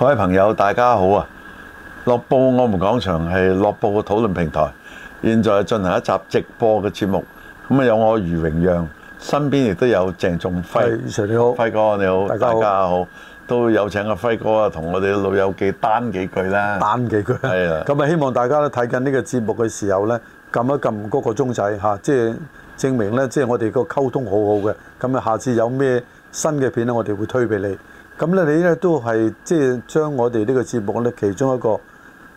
各位朋友，大家好啊！樂布我們廣場係樂布嘅討論平台，現在進行一集直播嘅節目。咁啊，有我余榮讓，身邊亦都有鄭仲輝。余 s i 你好，輝哥你好，好，大家好。都有請阿輝哥啊，同我哋老友記單幾句啦，單幾句。係啊。咁啊，希望大家咧睇緊呢個節目嘅時候咧，撳一撳嗰個鐘仔嚇，即係證明咧，即係我哋個溝通很好好嘅。咁啊，下次有咩新嘅片咧，我哋會推俾你。咁咧，你咧都係即係將我哋呢個節目咧，其中一個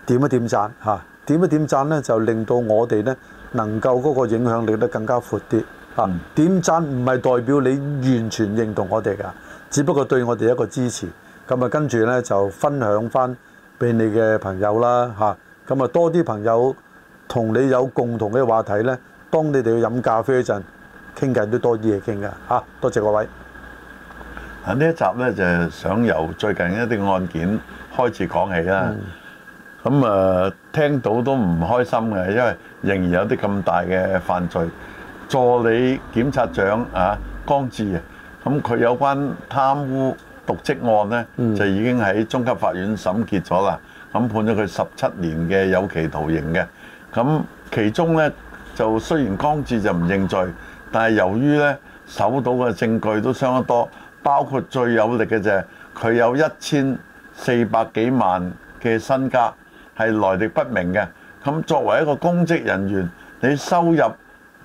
點一點讚嚇、啊，點一點讚咧，就令到我哋咧能夠嗰個影響力咧更加闊啲嚇、啊嗯。點讚唔係代表你完全認同我哋噶，只不過對我哋一個支持。咁啊，跟住咧就分享翻俾你嘅朋友啦嚇。咁啊，多啲朋友同你有共同嘅話題咧，當你哋去飲咖啡陣傾偈都多啲嘢傾噶嚇。多謝各位。啊！呢一集咧就想由最近一啲案件開始講起啦。咁啊，聽到都唔開心嘅，因為仍然有啲咁大嘅犯罪。助理檢察長啊，江志啊，咁佢有關貪污瀆職案咧，就已經喺中級法院審結咗啦。咁判咗佢十七年嘅有期徒刑嘅。咁其中咧就雖然江志就唔認罪，但係由於咧搜到嘅證據都相當多。包括最有力嘅就係，佢有一千四百幾萬嘅身家，係來歷不明嘅。咁作為一個公職人員，你收入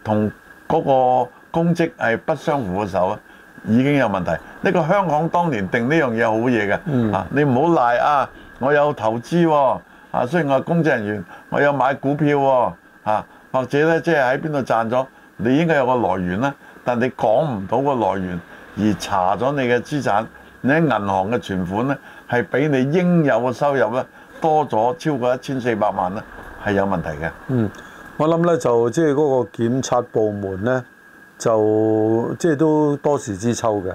同嗰個公職係不相符嘅時候，已經有問題。呢個香港當年定呢樣嘢好嘢嘅，嚇、嗯、你唔好賴啊！我有投資喎、哦，啊雖然我係公職人員，我有買股票喎、哦啊，或者咧即係喺邊度賺咗，你應該有個來源啦。但你講唔到個來源。而查咗你嘅資產，你喺銀行嘅存款咧，係比你應有嘅收入咧多咗超過一千四百萬咧，係有問題嘅。嗯，我諗咧就即係嗰個檢察部門咧，就即係、就是、都多事之秋嘅。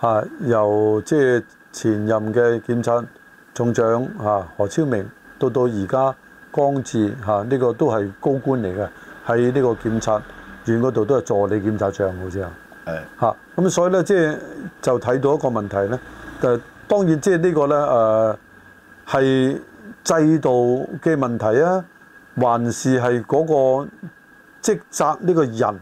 嚇、啊，由即係、就是、前任嘅檢察總長嚇何超明，到到而家江治嚇呢個都係高官嚟嘅，喺呢個檢察院嗰度都係助理檢察長好似啊。誒，吓、啊，咁所以咧，即係就睇、是、到一個問題咧，誒、呃，當然即係呢個咧，誒、呃，係制度嘅問題啊，還是係嗰個職責呢個人誒、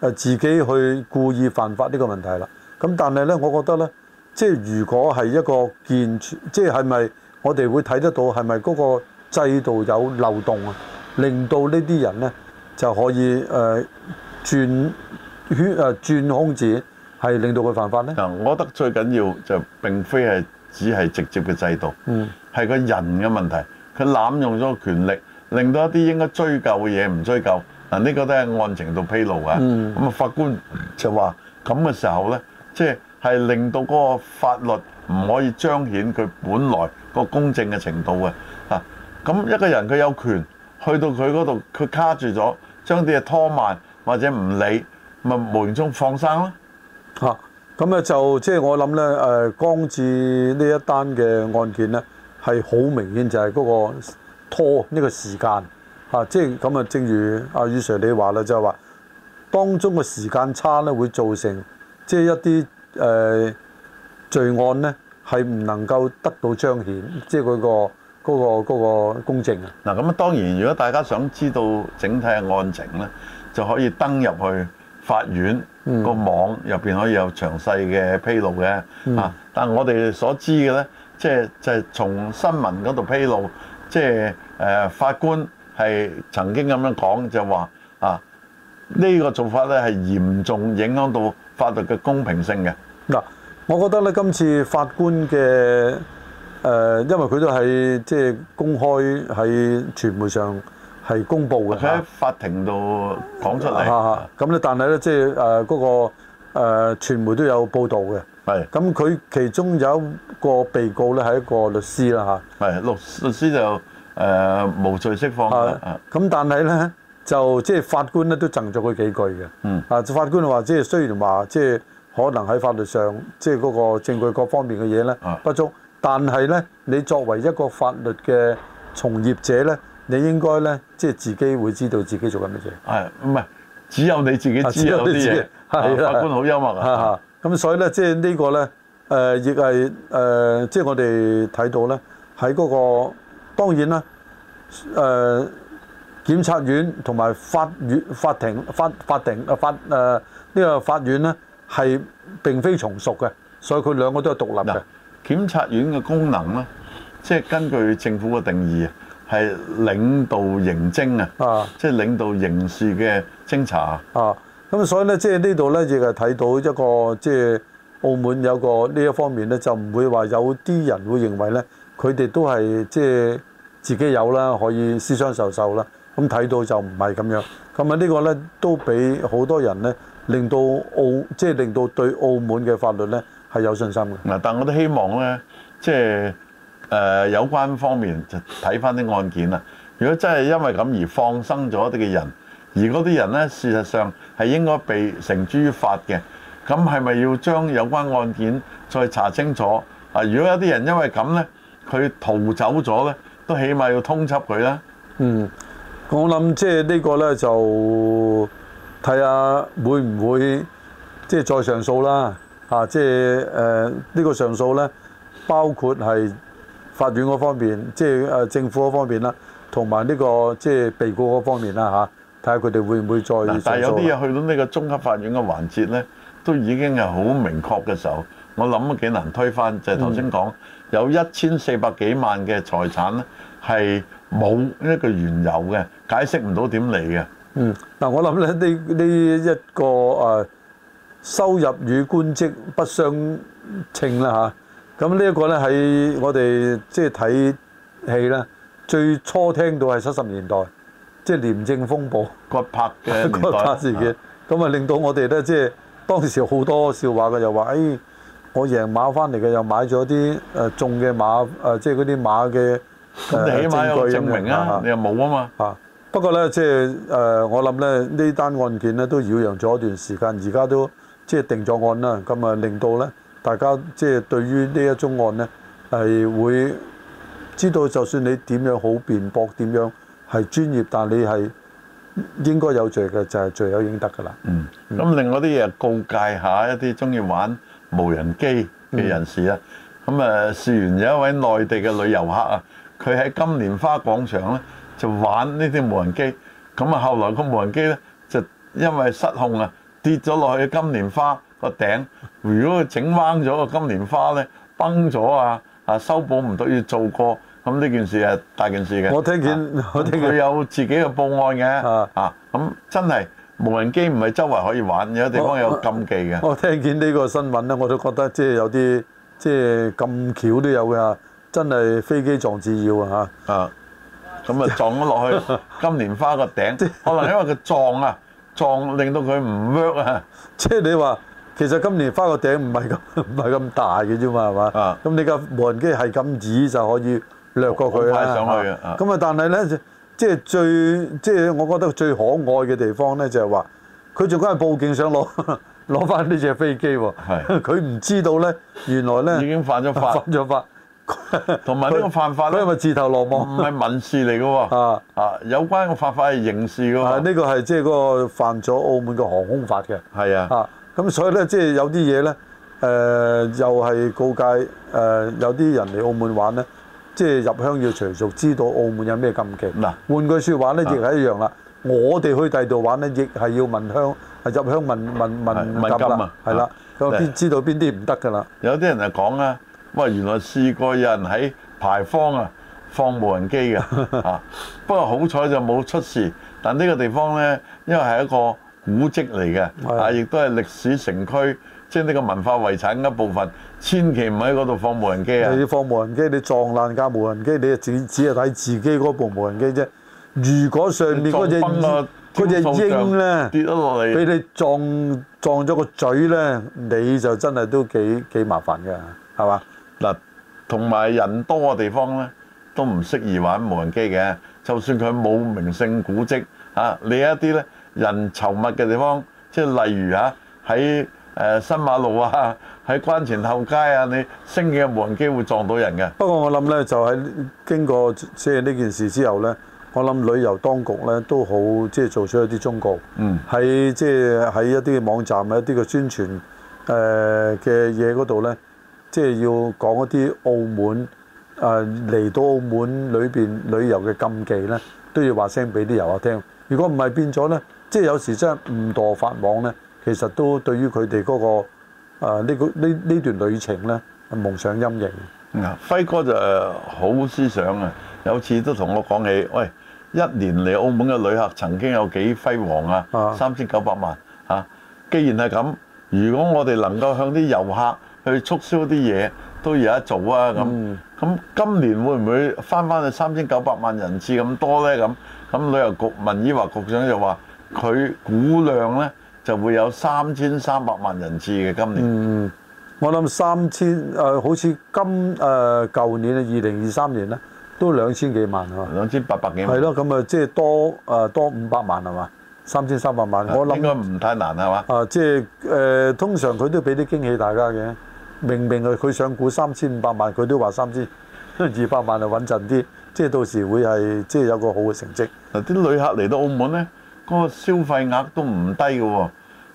呃、自己去故意犯法呢個問題啦。咁、嗯、但係咧，我覺得咧，即、就、係、是、如果係一個健全，即係係咪我哋會睇得到係咪嗰個制度有漏洞啊，令到這些呢啲人咧就可以誒轉？呃轉血誒轉空子係令到佢犯法咧？嗱，我覺得最緊要就並非係只係直接嘅制度、嗯，係個人嘅問題。佢濫用咗個權力，令到一啲應該追究嘅嘢唔追究。嗱，呢個都係案情度披露嘅。咁啊，法官就話咁嘅時候呢，即係令到嗰個法律唔可以彰顯佢本來個公正嘅程度嘅。啊，咁一個人佢有權去到佢嗰度，佢卡住咗，將啲嘢拖慢或者唔理。咪無形中放生咯嚇，咁、啊、咧就即係、就是、我諗咧誒，江、呃、至呢一單嘅案件咧係好明顯就係嗰個拖呢個時間嚇，即係咁啊，正如阿、啊、余 Sir 你話啦，就係話當中嘅時間差咧會造成即係、就是、一啲誒、呃、罪案咧係唔能夠得到彰顯，即係嗰個嗰、那個那個、公正啊。嗱，咁啊當然，如果大家想知道整體嘅案情咧，就可以登入去。法院個網入邊可以有詳細嘅披露嘅啊！但係我哋所知嘅呢，即係即係從新聞嗰度披露，即係法官係曾經咁樣講，就話啊呢個做法呢係嚴重影響到法律嘅公平性嘅。嗱，我覺得呢，今次法官嘅誒，因為佢都係即係公開喺傳媒上。係公佈嘅，喺法庭度講出嚟。啊，咁咧，但係咧，即係誒嗰個誒傳媒都有報道嘅。係。咁佢其中有一個被告咧，係一個律師啦，嚇。係律律師就誒無罪釋放啦。啊。咁但係咧，就即係法官咧都贈咗佢幾句嘅。嗯。啊，法官話，即係雖然話，即係可能喺法律上，即係嗰個證據各方面嘅嘢咧不足，但係咧，你作為一個法律嘅從業者咧。你應該咧，即係自己會知道自己做緊乜嘢。係唔係只有你自己知道嘅有啲嘢？係啦，法官好幽默啊！咁所以咧，即係呢個咧，誒亦係誒，即係我哋睇到咧，喺嗰、嗰個當然啦，誒、呃、檢察院同埋法院、法庭、法法、法庭、法誒呢個法院咧，係並非從屬嘅，所以佢兩個都係獨立嘅。檢察院嘅功能咧，即係根據政府嘅定義。係領導刑偵啊！啊，即係領導刑事嘅偵查啊！咁所以呢，即係呢度呢，亦係睇到一個，即係澳門有個呢一方面呢，就唔會話有啲人會認為呢，佢哋都係即係自己有啦，可以私相授受啦。咁睇到就唔係咁樣。咁啊，呢個呢，都俾好多人呢，令到澳即係令到對澳門嘅法律呢係有信心嘅。嗱，但我都希望呢，即係。誒有關方面就睇返啲案件啦。如果真係因為咁而放生咗啲嘅人，而嗰啲人呢，事實上係應該被繩之於法嘅，咁係咪要將有關案件再查清楚？啊，如果有啲人因為咁呢，佢逃走咗呢，都起碼要通緝佢啦。嗯，我諗即係呢個呢，就睇下會唔會即係、就是、再上訴啦。嚇、啊，即係呢個上訴呢，包括係。法院嗰方面，即係誒政府嗰方面啦，同埋呢個即係被告嗰方面啦嚇，睇下佢哋會唔會再。但係有啲嘢去到呢個中級法院嘅環節咧，都已經係好明確嘅時候，我諗幾難推翻，就係頭先講有一千四百幾萬嘅財產咧，係冇一個原由嘅，解釋唔到點嚟嘅。嗯，嗱我諗咧呢呢一個誒收入與官職不相稱啦嚇。咁呢一個咧喺我哋即係睇戲啦，最初聽到係七十年代，即、就、係、是、廉政風暴葛柏嘅葛柏事件，咁 啊令到我哋咧即係當時好多笑話嘅，又話誒、哎、我贏馬翻嚟嘅，又買咗啲誒中嘅馬誒，即係嗰啲馬嘅起碼有證明啊，呃、你又冇啊嘛嚇、啊。不過咧即係誒，我諗咧呢單案件咧都擾攘咗一段時間，而家都即係、就是、定咗案啦，咁啊令到咧。大家即係對於呢一宗案咧，係會知道，就算你點樣好辯駁，點樣係專業，但係你係應該有罪嘅，就係罪有應得㗎啦。嗯，咁另外啲嘢告誡下一啲鍾意玩無人機嘅人士啦。咁啊，試完有一位內地嘅旅遊客啊，佢喺金蓮花廣場咧就玩呢啲無人機，咁啊後來個無人機咧就因為失控啊跌咗落去金蓮花。個頂，如果佢整彎咗個金蓮花咧崩咗啊啊修補唔到要做過，咁呢件事係大件事嘅。我聽見，啊、我聽見佢有自己嘅報案嘅啊咁、啊嗯、真係無人機唔係周圍可以玩，有地方有禁忌嘅。我聽見呢個新聞咧，我都覺得即係有啲即係咁巧都有嘅，真係飛機撞字要啊，嚇。啊，咁啊撞咗落去 金蓮花個頂，可能因為佢撞啊撞令到佢唔 work 啊，即係你話。其實今年翻個頂唔係咁唔係咁大嘅啫嘛，係嘛？咁、啊、你個無人機係咁止就可以掠過佢啊。上去啊！咁啊，但係咧，即係最即係我覺得最可愛嘅地方咧，就係話佢仲嗰個報警想攞攞翻呢隻飛機喎、啊。佢唔知道咧，原來咧已經犯咗法，犯咗法。同埋呢個犯法咧，咪自投羅網？唔係民事嚟嘅喎。啊啊！有關嘅犯法係刑事㗎嘛？呢、啊呢個係即係嗰個犯咗澳門嘅航空法嘅。係啊。啊。咁所以咧，即、就、係、是、有啲嘢咧，誒、呃、又係告誡誒、呃、有啲人嚟澳門玩咧，即、就、係、是、入鄉要隨俗，知道澳門有咩禁忌。嗱、啊，換句説話咧，亦係一樣啦、啊。我哋去第二度玩咧，亦係要問鄉，係入鄉問問問禁啦，係啦，咁邊、啊啊、知道邊啲唔得㗎啦。有啲人就講啊，喂，原來試過有人喺牌坊啊放無人機㗎嚇、 啊，不過好彩就冇出事。但呢個地方咧，因為係一個。古蹟嚟嘅，啊，亦都係歷史城區，即係呢個文化遺產一部分，千祈唔喺嗰度放無人機啊！你放無人機，你撞爛架無人機，你就只只係睇自己嗰部無人機啫。如果上面嗰隻隻鷹咧，跌咗落嚟，俾你撞你撞咗個嘴咧，你就真係都幾幾麻煩㗎，係嘛？嗱，同埋人多嘅地方咧，都唔適宜玩無人機嘅。就算佢冇名勝古蹟，啊，你一啲咧。人稠密嘅地方，即係例如啊喺誒新馬路啊，喺關前後街啊，你升嘅無人機會撞到人嘅。不過我諗咧，就喺經過即係呢件事之後咧，我諗旅遊當局咧都好即係做出一啲忠告。嗯，喺即係喺一啲嘅網站、一啲嘅宣傳誒嘅嘢嗰度咧，即係要講一啲澳門啊嚟到澳門裏邊旅遊嘅禁忌咧，都要話聲俾啲遊客聽。如果唔係變咗咧～即係有時真係誤墮法網咧，其實都對於佢哋嗰個啊呢個呢呢段旅程咧，蒙上陰影。輝哥就好思想啊！有次都同我講起，喂，一年嚟澳門嘅旅客曾經有幾輝煌啊，三千九百萬啊！既然係咁，如果我哋能夠向啲遊客去促銷啲嘢，都有得做啊！咁咁今年會唔會翻返去三千九百萬人次咁多咧？咁咁旅遊局文綺華局長就話。佢估量呢就會有三千三百萬人次嘅今年。嗯，我諗三千誒，好似今誒舊、呃、年啊，二零二三年呢，都兩千幾萬啊。兩千八百幾萬。係咯，咁啊即係多誒、呃、多五百萬係嘛？三千三百萬，我諗應該唔太難係嘛？啊，即係誒，通常佢都俾啲驚喜大家嘅。明明啊，佢想估三千五百萬，佢都話三千二百萬穩就穩陣啲。即係到時會係即係有個好嘅成績。嗱，啲旅客嚟到澳門呢。嗰個消費額都唔低嘅喎，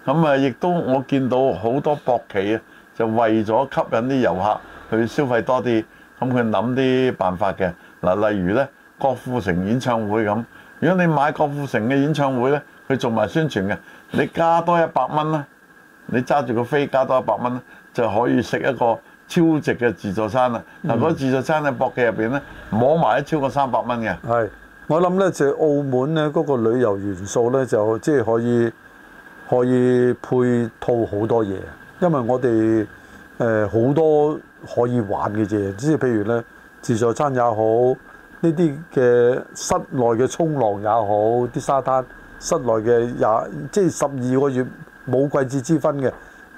咁啊亦都我見到好多博企啊，就為咗吸引啲遊客去消費多啲，咁佢諗啲辦法嘅。嗱，例如呢，郭富城演唱會咁，如果你買郭富城嘅演唱會呢，佢做埋宣傳嘅，你加多一百蚊啦，你揸住個飛加多一百蚊就可以食一個超值嘅自助餐啦。嗱，嗰自助餐喺博企入面咧，摸埋都超過三百蚊嘅。係。我諗咧就澳門咧，嗰個旅遊元素咧就即係可以可以配套好多嘢，因為我哋誒好多可以玩嘅嘢，即係譬如咧自助餐也好，呢啲嘅室內嘅沖浪也好，啲沙灘室內嘅也即係十二個月冇季節之分嘅。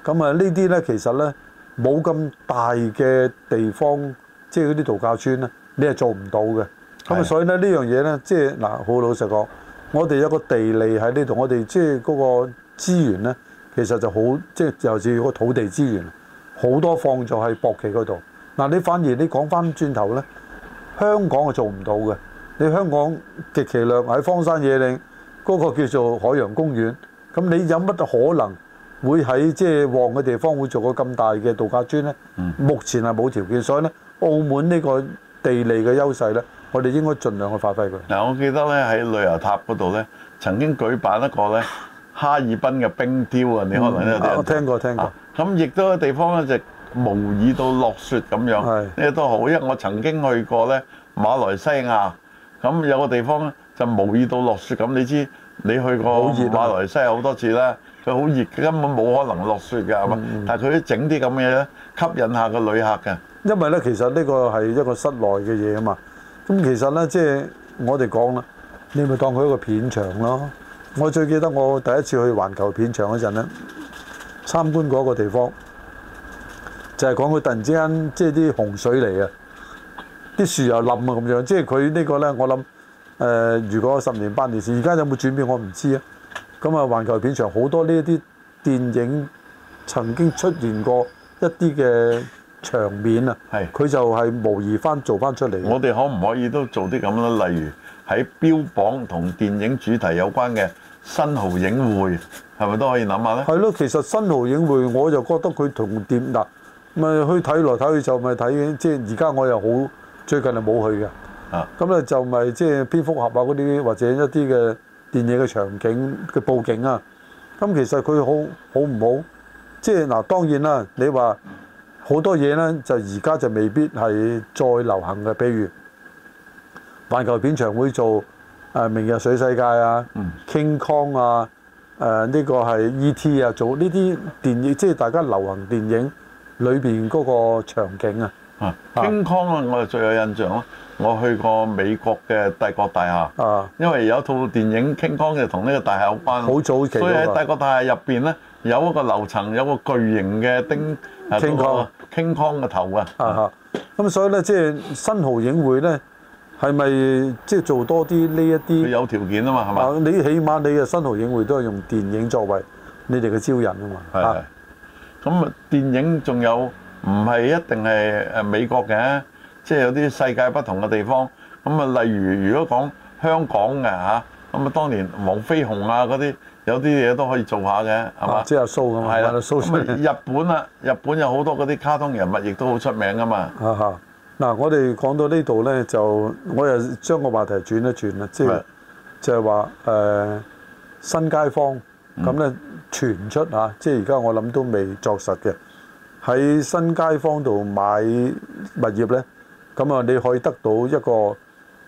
咁啊呢啲咧其實咧冇咁大嘅地方，即係嗰啲度假村咧，你係做唔到嘅。咁所以咧呢樣嘢呢，即係嗱，好、就是啊、老實講，我哋有個地利喺呢度，我哋即係嗰個資源呢，其實就好，即、就、係、是、尤其是個土地資源，好多放咗喺博企嗰度。嗱、啊，你反而你講翻轉頭呢，香港係做唔到嘅。你香港極其量喺荒山野嶺嗰、那個叫做海洋公園，咁你有乜可能會喺即係旺嘅地方會做個咁大嘅度假村呢、嗯？目前係冇條件，所以呢，澳門呢個地利嘅優勢呢。我哋應該盡量去發揮佢嗱、嗯。我記得咧喺旅遊塔嗰度咧，曾經舉辦一個咧哈爾濱嘅冰雕啊。你可能咧，我聽過聽過。咁亦都有地方咧就模、是、擬到落雪咁樣，呢都好。因為我曾經去過咧馬來西亞，咁有個地方咧就模擬到落雪咁。你知你去過馬來西亞好多次啦，佢好熱，佢好熱，根本冇可能落雪㗎嘛、嗯。但係佢都整啲咁嘅咧，吸引下個旅客㗎。因為咧，其實呢個係一個室內嘅嘢啊嘛。咁其實咧，即係我哋講啦，你咪當佢一個片場咯。我最記得我第一次去環球片場嗰陣咧，參觀嗰個地方，就係講佢突然之間即係啲洪水嚟啊，啲樹又冧啊咁樣。即係佢呢個咧，我諗，呃，如果十年八年前，而家有冇轉變我唔知啊。咁啊，環球片場好多呢一啲電影曾經出現過一啲嘅。場面啊，佢就係模擬翻做翻出嚟。我哋可唔可以都做啲咁咧？例如喺標榜同電影主題有關嘅新濠影匯，係咪都可以諗下咧？係咯，其實新濠影匯我就覺得佢同點嗱，咪去睇來睇去就咪睇，即係而家我又好最近係冇去嘅。啊，咁咧就咪即係蝙蝠俠啊嗰啲，或者一啲嘅電影嘅場景嘅佈景啊。咁其實佢好好唔好？即係嗱，當然啦，你話。好多嘢咧，就而家就未必係再流行嘅。比如環球片場會做誒《明日水世界》啊、嗯、啊，《King Kong》啊，誒呢個係 E.T. 啊，做呢啲電影，即係大家流行電影裏邊嗰個場景啊。啊，《King Kong》啊，我就最有印象咯、啊。我去過美國嘅帝國大廈，啊、因為有套電影《King Kong》就同呢個大廈有關，好早期嘅，所以喺帝國大廈入邊咧，有一個樓層有個巨型嘅丁。傾康，傾康嘅頭啊！咁、啊嗯啊、所以呢，即、就、係、是、新濠影匯呢，係咪即係做多啲呢一啲？佢有條件啊嘛，係嘛？你起碼你嘅新濠影匯都係用電影作為你哋嘅招引啊嘛。係，咁啊，電影仲有唔係一定係誒美國嘅，即、就、係、是、有啲世界不同嘅地方。咁啊，例如如果講香港嘅嚇。啊咁啊，當年黃飛鴻啊，嗰啲有啲嘢都可以做下嘅，係、啊、嘛？即係蘇噶嘛？係啦，蘇。咁啊，日本啊，日本有好多嗰啲卡通人物亦都好出名㗎嘛。嚇、啊、嚇！嗱、啊，我哋講到這裡呢度咧，就我又將個話題轉一轉啦，即係就係話誒新街坊咁咧傳出嚇、嗯啊，即係而家我諗都未作實嘅，喺新街坊度買物業咧，咁啊你可以得到一個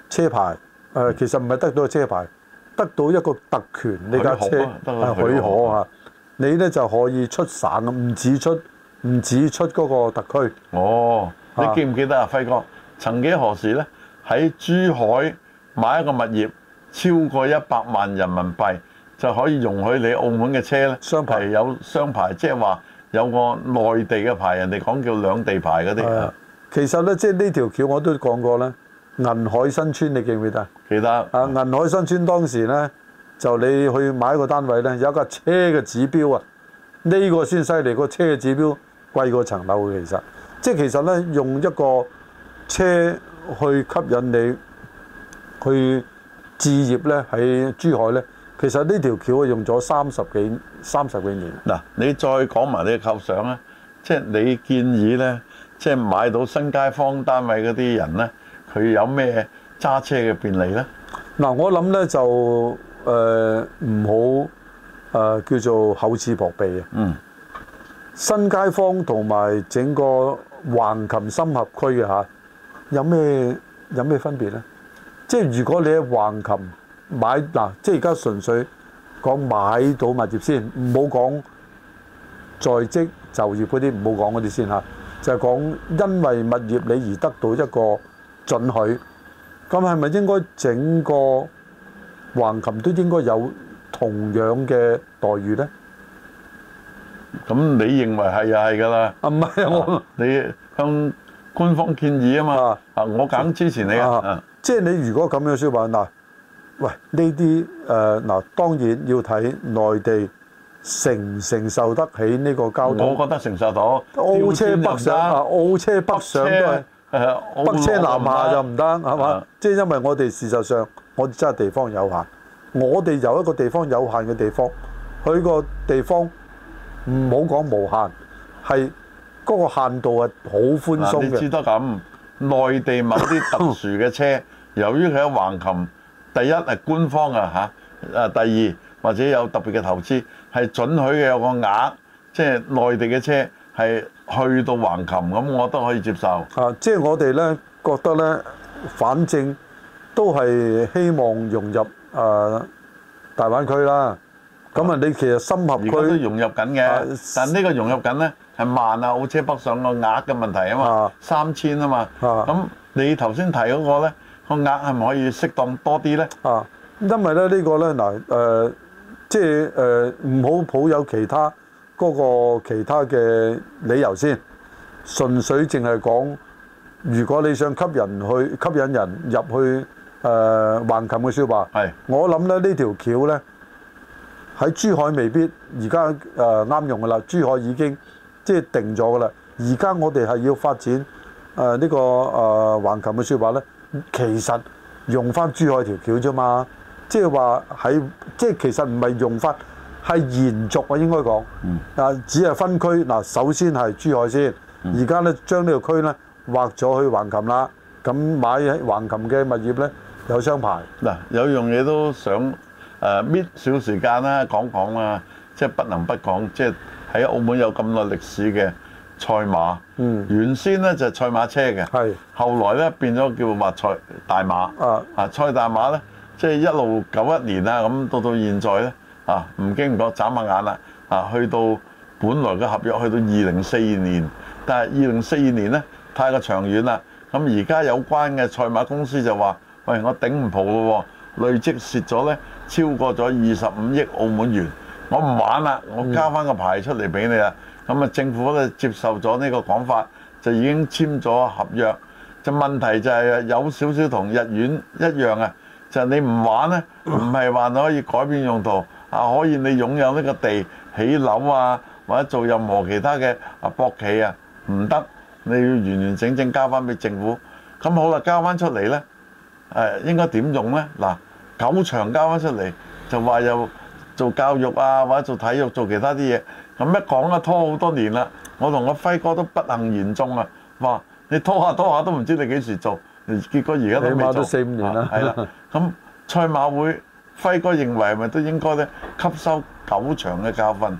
車牌誒、呃，其實唔係得到個車牌。嗯得到一個特權，你架車係許可啊！你咧、啊啊啊、就可以出省，唔止出，唔止出嗰個特區。哦，啊、你記唔記得啊，輝哥？曾幾何時呢，喺珠海買一個物業超過一百萬人民幣，就可以容許你澳門嘅車咧？雙牌有雙牌，即係話有個內地嘅牌，人哋講叫兩地牌嗰啲。其實呢，即係呢條橋我都講過啦。銀海新村你記唔記得？記得啊！銀海新村當時呢，就你去買一個單位呢，有架車嘅指標啊！呢個先犀利，個車嘅指標貴過層樓嘅。其實即係其實呢，用一個車去吸引你去置業呢，喺珠海呢，其實呢條橋係用咗三十幾三十幾年。嗱，你再講埋你嘅構想啦，即係你建議呢，即係買到新街坊單位嗰啲人呢。佢有咩揸車嘅便利咧？嗱，我諗咧就唔好、呃呃、叫做厚此薄彼。啊。嗯，新街坊同埋整個橫琴深合區嘅嚇，有咩有咩分別咧？即係如果你喺橫琴買嗱，即係而家純粹講買到物業先，唔好講在職就業嗰啲，唔好講嗰啲先嚇，就係講因為物業你而得到一個。准許，咁係咪應該整個橫琴都應該有同樣嘅待遇咧？咁你認為係又係㗎啦。啊，唔係，我你向官方建議嘛。啊嘛，啊我梗支持你啊，啊，啊！即係你如果咁樣説話嗱，喂呢啲誒，嗱當然要睇內地承唔承受得起呢個交通。我覺得承受到。澳車北上，澳車，車，車北上都係。北車南下就唔得，係嘛？即係因為我哋事實上，我哋真係地方有限。我哋有一個地方有限嘅地方，佢個地方唔好講無限，係嗰個限度係好寬鬆嘅。你知得咁？內地某啲特殊嘅車， 由於佢喺橫琴，第一係官方啊吓，誒第二或者有特別嘅投資，係准許嘅有個額，即係內地嘅車。係去到橫琴咁，我都可以接受。啊，即係我哋咧覺得咧，反正都係希望融入誒、呃、大灣區啦。咁啊，你其實深合區都融入緊嘅、啊。但呢個融入緊咧係慢啊，澳車北上個額嘅問題啊嘛，三千啊嘛。啊，咁、啊、你頭先提嗰個咧個額係咪可以適當多啲咧？啊，因為咧呢個咧嗱誒，即係誒唔好抱有其他。嗰、那個其他嘅理由先，純粹淨係講，如果你想吸引人去吸引人入去誒橫琴嘅説話，係我諗咧呢條橋咧喺珠海未必而家誒啱用噶啦，珠海已經即係定咗噶啦。而家我哋係要發展誒呢個誒橫琴嘅説話咧，其實用翻珠海條橋啫嘛，即係話喺即係其實唔係用翻。係延續啊，應該講但只係分區嗱、嗯。首先係珠海先，而家咧將呢個區咧劃咗去橫琴啦。咁買橫琴嘅物業咧有雙牌。嗱，有樣嘢都想誒搣少時間啦、啊，講講啊，即係不能不講。即係喺澳門有咁耐歷史嘅賽馬，嗯、原先咧就係賽馬車嘅，後來咧變咗叫話賽大馬。啊啊！賽大馬咧，即係一路九一年啊，咁到到現在咧。啊，唔經唔覺，眨下眼啦！啊，去到本來嘅合約去到二零四二年，但係二零四二年呢，太過長遠啦。咁而家有關嘅賽馬公司就話：喂，我頂唔住咯，累積蝕咗呢，超過咗二十五億澳門元，我唔玩啦，我交翻個牌出嚟俾你啦。咁啊，政府咧接受咗呢個講法，就已經簽咗合約。就問題就係、是、有少少同逸園一樣啊，就係、你唔玩呢，唔係話你可以改變用途。啊！可以你擁有呢個地起樓啊，或者做任何其他嘅啊博企啊，唔得，你要完完整整交翻俾政府。咁好啦，交翻出嚟呢應該點用呢？嗱，九場交翻出嚟就話又做教育啊，或者做體育做其他啲嘢。咁一講啦，拖好多年啦，我同阿輝哥都不幸言中啊，話你拖下拖下都唔知你幾時做，結果而家都未做。起碼都四五年啦，係啦， 咁賽馬會輝哥認為係咪都應該咧吸收狗場嘅教訓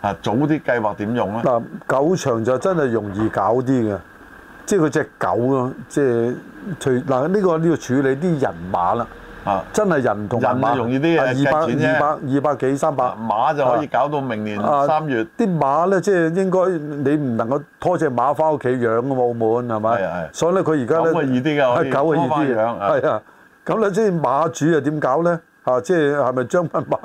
啊，早啲計劃點用咧？嗱、啊，狗場就真係容易搞啲嘅，即係佢隻狗咯，即係除嗱呢個呢個處理啲人馬啦，啊，真係人同人。馬，人容易啲嘅，二百二百二百幾三百馬就可以搞到明年三月。啲、啊啊、馬咧即係應該你唔能夠拖隻馬翻屋企養嘅澳門係咪？所以咧佢而家咧狗易啲狗拖翻啲養係啊，咁你知馬主又點搞咧？啊，即係係咪將匹馬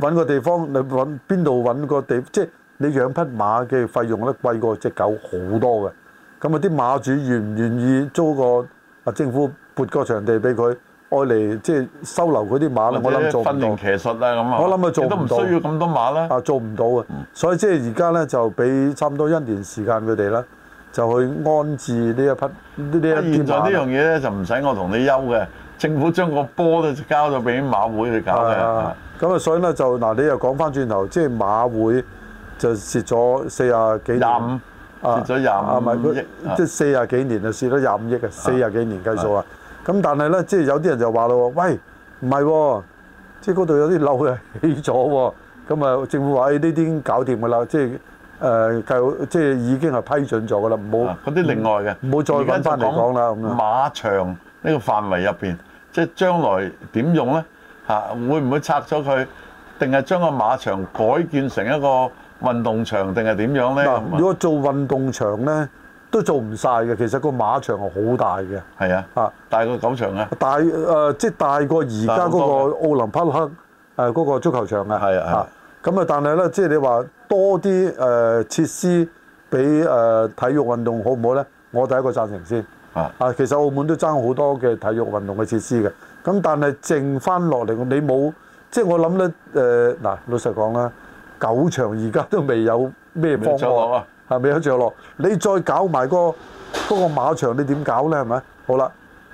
揾個地方？你揾邊度揾個地？即係你養匹馬嘅費用咧，貴過隻狗好多嘅。咁啊，啲馬主願唔願意租個啊？政府撥個場地俾佢愛嚟，即係收留嗰啲馬咧？我諗做唔到。訓練騎術啊，咁啊！我諗佢做唔到。你都唔需要咁多馬啦。啊，做唔到啊！所以即係而家咧，就俾差唔多一年時間佢哋啦，就去安置呢一匹呢啲。現在呢樣嘢咧，就唔使我同你休嘅。政府將個波都交咗俾馬會去搞啦。咁啊，所以咧就嗱，你又講翻轉頭，即係馬會就蝕咗四十幾年25，蝕咗四啊幾廿五，蝕咗廿五啊咪，即係四啊幾年啊蝕咗廿五億啊，四啊幾年計數啊。咁但係咧，即係有啲人就話咯，喂，唔係，即係嗰度有啲樓啊起咗喎。咁啊，政府話，呢啲已經搞掂㗎啦，即係即已經係批准咗㗎啦，冇嗰啲另外嘅，冇再翻嚟講啦。咁馬場呢個範圍入邊。即係將來點用呢？嚇，會唔會拆咗佢？定係將個馬場改建成一個運動場，定係點樣呢？如果做運動場呢，都做唔晒嘅。其實個馬場係好大嘅。係啊，嚇，大過九場啊，大誒，即係大過而家嗰個奧林匹克嗰個足球場啊。係啊，嚇，咁啊，但係呢，即係你話多啲誒設施俾誒體育運動好唔好呢？我第一個贊成先。啊啊！其實澳門都爭好多嘅體育運動嘅設施嘅，咁但係剩翻落嚟，你冇即係我諗咧誒嗱，老實講啦，狗場而家都未有咩方案，係未有着落，啊、落。你再搞埋嗰嗰個馬場你怎麼，你點搞咧？係咪？好啦，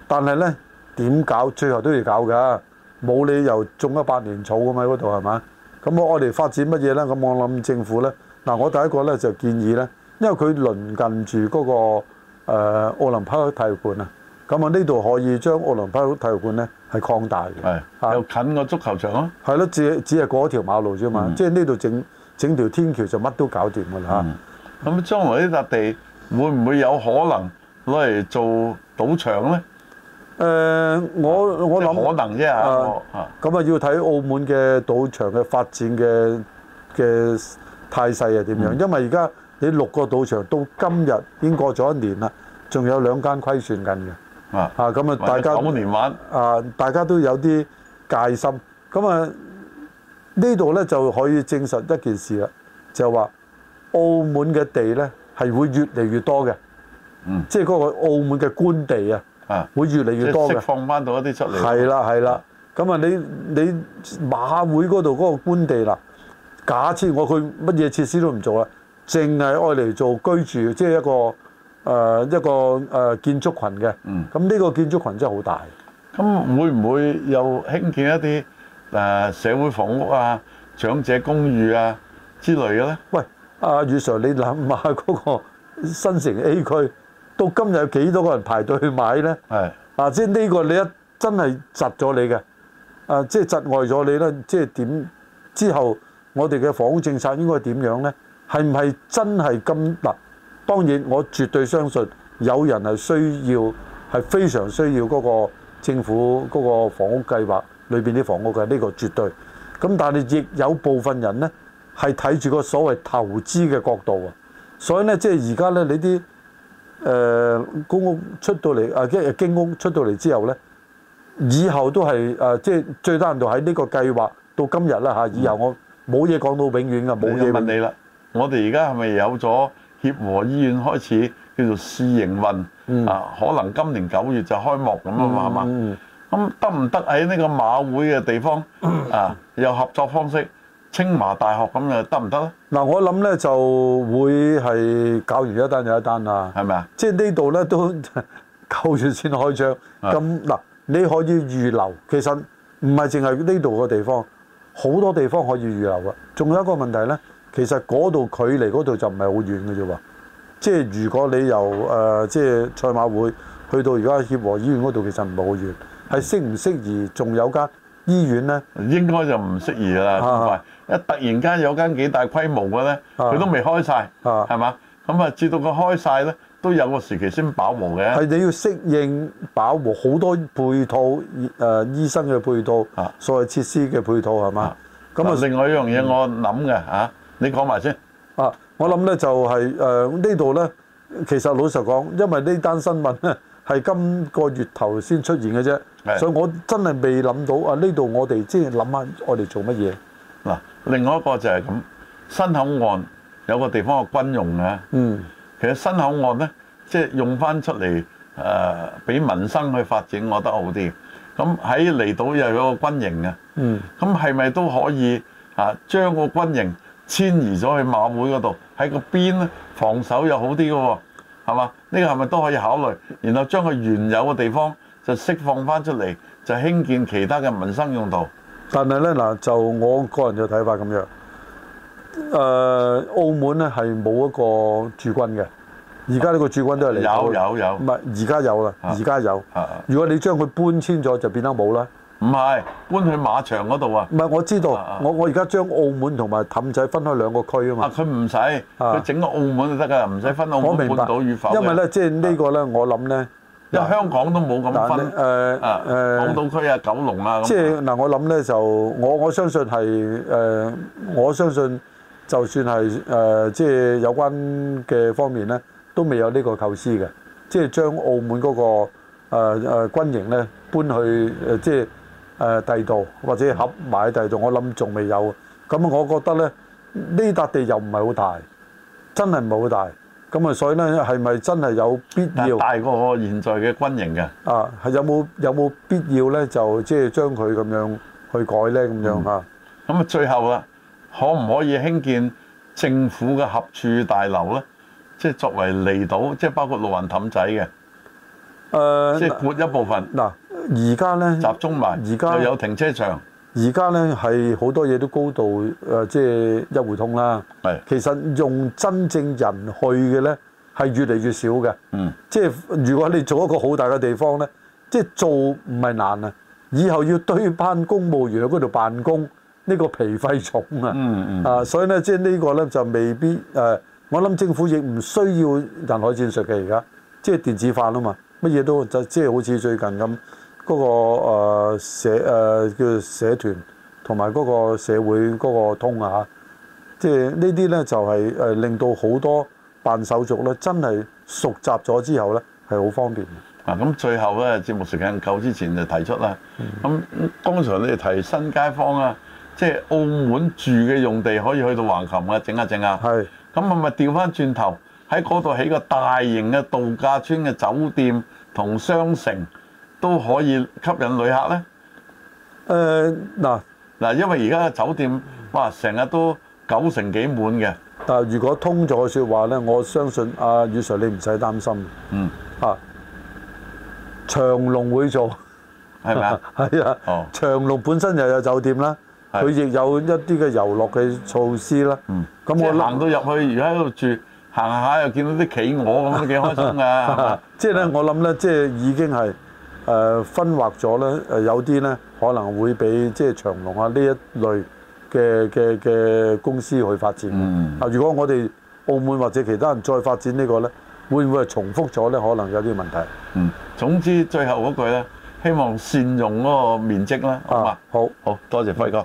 但係咧點搞，最後都要搞㗎，冇理由種一百年草咁喺嗰度，係咪？咁我愛嚟發展乜嘢咧？咁我諗政府咧嗱，我第一個咧就建議咧，因為佢鄰近住嗰、嗰個。誒、呃、奧林匹克體育館啊，咁啊呢度可以將奧林匹克體育館咧係擴大嘅，又近個足球場咯、啊。係咯，只只係過一條馬路啫嘛，即係呢度整整條天橋就乜都搞掂㗎啦嚇。咁、嗯、將來呢笪地會唔會有可能攞嚟做賭場咧？誒、呃，我、啊、我諗、就是、可能啫嚇、啊，咁、呃、啊要睇澳門嘅賭場嘅發展嘅嘅態勢係點樣、嗯，因為而家。你六個賭場到今日已經過咗一年啦，仲有兩間虧損緊嘅。啊，咁啊、嗯，大家九年玩啊，大家都有啲戒心。咁、嗯、啊，呢度咧就可以證實一件事啦，就係話澳門嘅地咧係會越嚟越多嘅、嗯。即係嗰個澳門嘅官地啊，啊會越嚟越多嘅。啊、是放翻到一啲出嚟。係啦係啦，咁啊你你馬會嗰度嗰個官地啦，假設我去乜嘢設施都唔做啦。淨係愛嚟做居住，即係一個誒一個誒建築群嘅。嗯。咁呢個建築群真係好大。咁會唔會又興建一啲誒社會房屋啊、長者公寓啊之類嘅咧？喂，阿宇 Sir，你諗下嗰個新城 A 區到今日有幾多個人排隊去買咧？係啊，即係呢個你一真係窒咗你嘅誒，即係窒礙咗你咧，即係點之後我哋嘅房屋政策應該係點樣咧？係唔係真係咁嗱？當然我絕對相信有人係需要，係非常需要嗰個政府嗰個房屋計劃裏邊啲房屋嘅呢個絕對。咁但係亦有部分人呢係睇住個所謂投資嘅角度啊。所以呢，即係而家呢，你啲誒、呃、公屋出到嚟啊，即係經屋出到嚟之後呢，以後都係誒，即係最低限度喺呢個計劃到今日啦嚇。以後我冇嘢講到永遠嘅，冇嘢問你啦。我哋而家係咪有咗協和醫院開始叫做試營運啊、嗯？可能今年九月就開幕咁啊嘛，係、嗯、嘛？咁得唔得喺呢個馬會嘅地方啊？有合作方式，嗯、清華大學咁又得唔得咧？嗱，我諗咧就會係搞完一單又一單啦，係咪啊？即係呢度咧都九月先開張。咁嗱，你可以預留，其實唔係淨係呢度嘅地方，好多地方可以預留噶。仲有一個問題咧。其實嗰度距離嗰度就唔係好遠嘅啫喎，即係如果你由誒即係賽馬會去到而家協和醫院嗰度，其實唔係好遠。係適唔適宜仲有間醫院咧？應該就唔適宜啦、啊，因為一突然間有間幾大規模嘅咧，佢、啊、都未開晒，係嘛？咁啊，至到佢開晒咧，都有個時期先飽和嘅、啊。係你要適應飽和，好多配套誒、呃、醫生嘅配套，啊、所謂設施嘅配套係嘛？咁啊，另外一樣嘢我諗嘅嚇。嗯啊你講埋先啊！我諗咧就係、是、誒、呃、呢度咧，其實老實講，因為呢單新聞咧係今個月頭先出現嘅啫，所以我真係未諗到啊！呢度我哋即係諗下，我哋做乜嘢？嗱，另外一個就係咁，新口岸有個地方嘅軍用嘅。嗯，其實新口岸咧，即、就、係、是、用翻出嚟誒，俾、呃、民生去發展，我覺得好啲。咁喺離島又有個軍營嘅。嗯，咁係咪都可以啊？將個軍營遷移咗去馬會嗰度，喺個邊咧防守又好啲嘅喎，係嘛？呢個係咪都可以考慮？然後將佢原有嘅地方就釋放翻出嚟，就興建其他嘅民生用途。但係咧嗱，就我個人嘅睇法咁樣，誒、呃，澳門咧係冇一個駐軍嘅，而家呢個駐軍都係嚟有有有，唔係而家有啦，而家有，有，啊，有啊。如果你將佢搬遷咗，就變得冇啦。唔係搬去馬場嗰度啊！唔係我知道，啊、我我而家將澳門同埋氹仔分開兩個區啊嘛。佢唔使佢整個澳門就得㗎啦，唔使分澳門半島與否嘅，因為咧，即、就、係、是、呢個咧、啊，我諗咧，因為香港都冇咁分誒誒，港、呃啊呃、島區啊、九龍啊即係嗱，我諗咧就我我相信係誒、呃，我相信就算係誒，即、呃、係、就是、有關嘅方面咧，都未有呢個構思嘅，即係將澳門嗰、那個誒誒、呃呃、軍營咧搬去誒，即、呃、係。就是誒地度或者合埋地度、嗯，我諗仲未有。咁我覺得咧，呢笪地又唔係好大，真係唔係好大。咁啊，所以咧，係咪真係有必要大過我現在嘅軍營嘅？啊，係有冇有冇必要咧？就即係、就是、將佢咁樣去改咧？咁樣嚇。咁、嗯、啊，最後啦，可唔可以興建政府嘅合署大樓咧？即、就、係、是、作為離島，即、就、係、是、包括路環氹仔嘅。誒、呃，即、就、係、是、撥一部分嗱。呃呃而家呢集中埋，而家有停車場。而家呢係好多嘢都高度誒、呃，即係一互通啦。係，其實用真正人去嘅呢，係越嚟越少嘅。嗯，即係如果你做一個好大嘅地方呢，即係做唔係難啊。以後要堆班公務員喺嗰度辦公，呢、這個皮廢重皮費重啊。嗯嗯啊，所以呢，即係呢個呢，就未必誒、呃。我諗政府亦唔需要人海戰術嘅而家，即係電子化啊嘛，乜嘢都就即係好似最近咁。嗰、那個社誒叫社團，同埋嗰個社會嗰個通啊，即係呢啲呢，就係、是、誒令到好多辦手續呢真係熟習咗之後呢，係好方便嘅。咁、啊、最後呢，節目時間夠之前就提出啦。咁、嗯、剛才你哋提新街坊啊，即、就、係、是、澳門住嘅用地可以去到橫琴啊，整下整下。係。咁係咪調返轉頭喺嗰度起個大型嘅度假村嘅酒店同商城？都可以吸引旅客咧。誒嗱嗱，因為而家嘅酒店哇，成日都九成幾滿嘅。但、呃、係如果通咗説話咧，我相信阿余、啊、Sir 你唔使擔心。嗯。啊，長隆會做。係咪啊？係啊。哦。長隆本身又有酒店啦，佢亦有一啲嘅遊樂嘅措施啦、啊。嗯。咁我行到入去而家喺度住，行下又見到啲企鵝咁都幾開心㗎、啊啊啊。即係咧、啊，我諗咧，即係已經係。誒、呃、分劃咗咧，誒有啲咧可能會俾即係長隆啊呢一類嘅嘅嘅公司去發展。啊，如果我哋澳門或者其他人再發展呢個呢個咧，會唔會係重複咗咧？可能有啲問題。嗯，總之最後嗰句咧，希望善用嗰個面積啦，好好，好多謝輝哥。